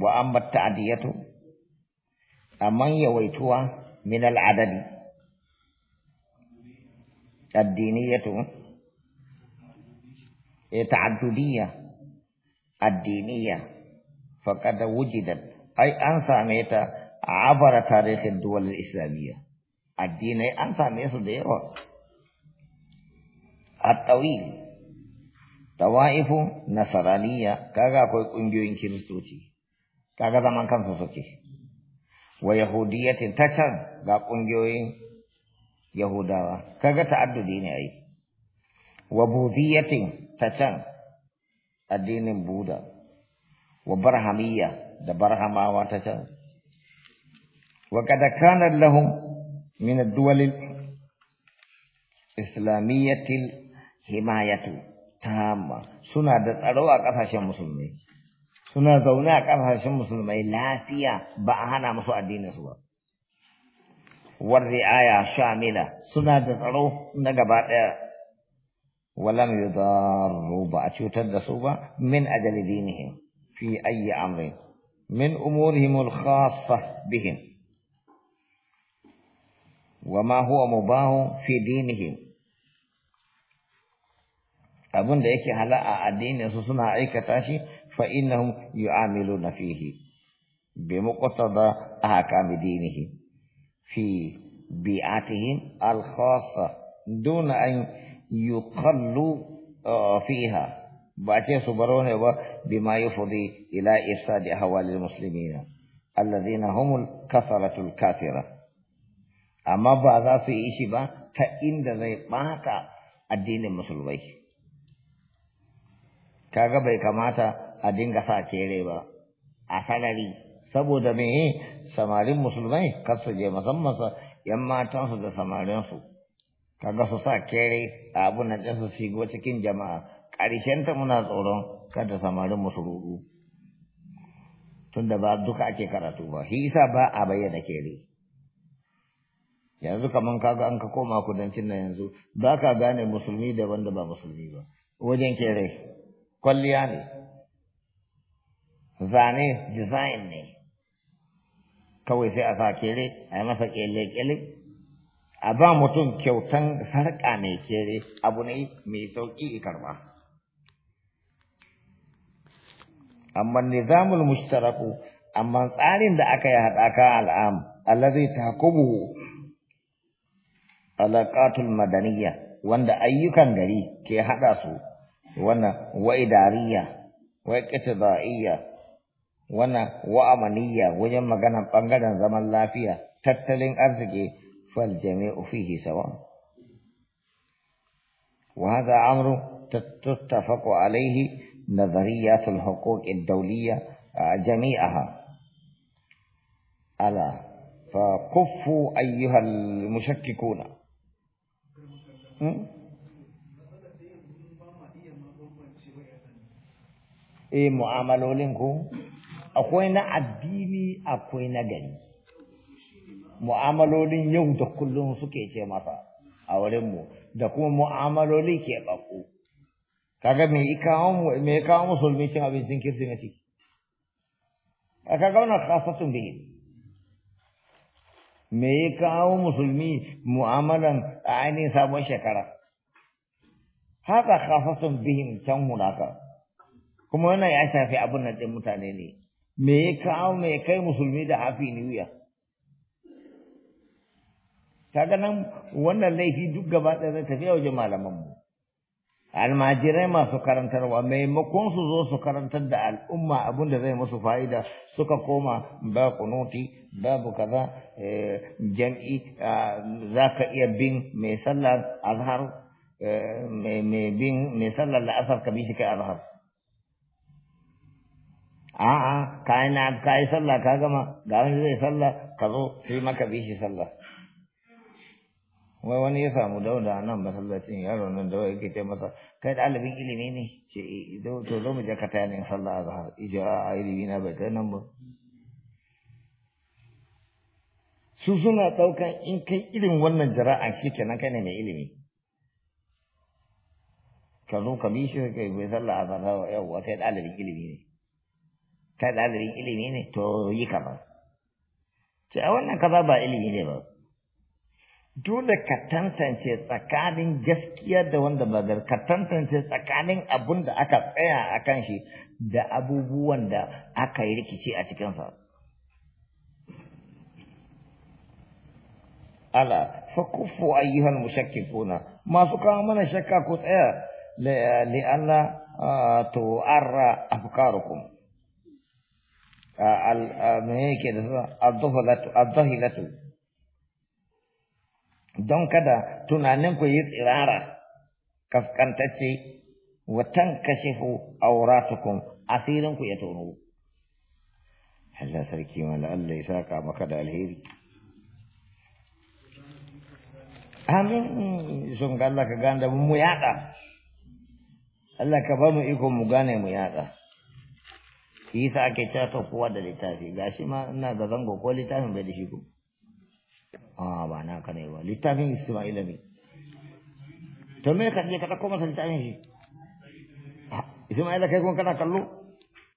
wa amma ta'diyatu amma yawaituwa min al'adadi addiniyatu eh, ta'addudiyya addiniyya faqad wujidat ai an same ta abara tarihin duwal islamiyya addinai an same su da yawa at-tawil tawaifu nasraniyya kaga akwai kungiyoyin kiristoci kaga zaman kansu suke wa yahudiyatin ta can ga ƙungiyoyin yahudawa kaga ta'addudi ne ai wa budhiyatin ta can addinin buda wa barhamiyya da barhamawa ta can wa kad kana min ad islamiyyatil himayatu hama. suna da tsaro a ƙasashen musulmi suna zaune a ƙasashen musulmai lafiya ba a hana musu addinin su ba warri aya shamila suna da tsaro na gaba ɗaya walam yudarru ba a cutar da su ba min ajali dinihim fi ayyi amrin min umurihim al-khassa bihim wa ma huwa mubahu fi dinihim abin da yake hala a addinin su suna aikata shi فإنهم يعاملون فيه بمقتضى أحكام دينه في بيعتهم الخاصة دون أن يقلوا آه، فيها بعد صبرون بما يفضي إلى إفساد أحوال المسلمين الذين هم الكثرة الكافرة أما بعد في إشبا فإن ذي ماتا الدين المسلمين kaga bai a dinga sa kere ba a sarari saboda me samarin musulmai kasu su je musamman yan matansu da samarinsu kaga su sa kere a na da su shigo cikin jama'a ta muna tsoron kada samarin musulmu tunda ba duka ake karatu ba shi isa ba a bayyana kere yanzu kaman kaga an ka koma kudancin nan yanzu ba ka gane musulmi da wanda ba musulmi ba wajen kere kwalliya ne zane design ne kawai sai a sa kere a yi masa kele-kele a ba mutum kyautan sarƙa mai kere abu ne mai sauƙi karba amma nizamul mushtaraku amma tsarin da aka yi haɗaka al'am allazi taqubu alaqatul madaniyya wanda ayyukan gari ke haɗa su wannan wa idariya wa iqtida'iyya wannan wa'amaniya wajen maganar ɓangaren zaman lafiya tattalin arziki fal jami'u fihi sawa wa hadha amru tattafaqu alayhi نظريات الحقوق الدولية جميعها ألا فقفوا أيها المشككون إيه معاملولينكم akwai na addini akwai na gari mu'amalolin yau da kullum suke ce masa a wurinmu da kuma mu'amaloli ke baƙo kaga me ikawon me ikawon musulmi cin abincin kirsimeti kaga wannan khasatun bihi me ya kawo musulmi mu'amalan a ainihin sabon shekara haka khasatun bihim can hunaka kuma wannan ya shafi abin nan din mutane ne me ya kawo mai kai musulmi da hafi wuya? kaga nan wannan laifi duk gaba ɗaya zai tafi wajen mu almajirai masu karantarwa maimakon su zo su karantar da al'umma abin da zai musu fa'ida suka koma ba kunuti babu kaza eh, jam'i za ka iya bin mai sallar azhar eh, mai bin mai sallar la'asar ka bi shi kai azhar a'a kayan na kai sallah ka gama ga wani zai sallah ka zo sai maka bi shi sallah wai wani ya samu dauda ba sallah masallacin yaro nan da yake ce masa kai ɗalibin ilimi ne ce eh, to zo mu je ka tayin sallah a zahar ije a ilimi na bai kai nan ba su suna daukan in kai irin wannan jara'a shi kenan kai ne mai ilimi ka zo ka bi shi kai bai sallah a yawa yawwa kai dalibin ilimi ne kai ɗalibin ilimi ne to yi kaza ce a wannan kaza ba ilimi ne ba dole ka tantance tsakanin gaskiya da wanda ba ka tantance tsakanin abun da aka tsaya a kan shi da abubuwan da aka yi rikici a cikinsa ala fa kufu ayyuhal mushakkikuna masu kawo mana shakka ku tsaya li Allah to arra afkarukum me yake da addahilatu don kada tunanin ku yi tsirara kaskantacce wa tankashifu auratukum asirin ku ya tono Allah sarki mala Allah ya ka maka da alheri amin sun ga Allah ka ganda mu yada Allah ka ba mu iko mu gane mu yada shi yasa ake cewa kowa da littafi gashi ma ina ga zango ko littafin bai da shi ko ah ba na ka ba littafin Isma'ila ne to me ka je ka koma masa littafin shi Isma'ila kai kuma kana kallo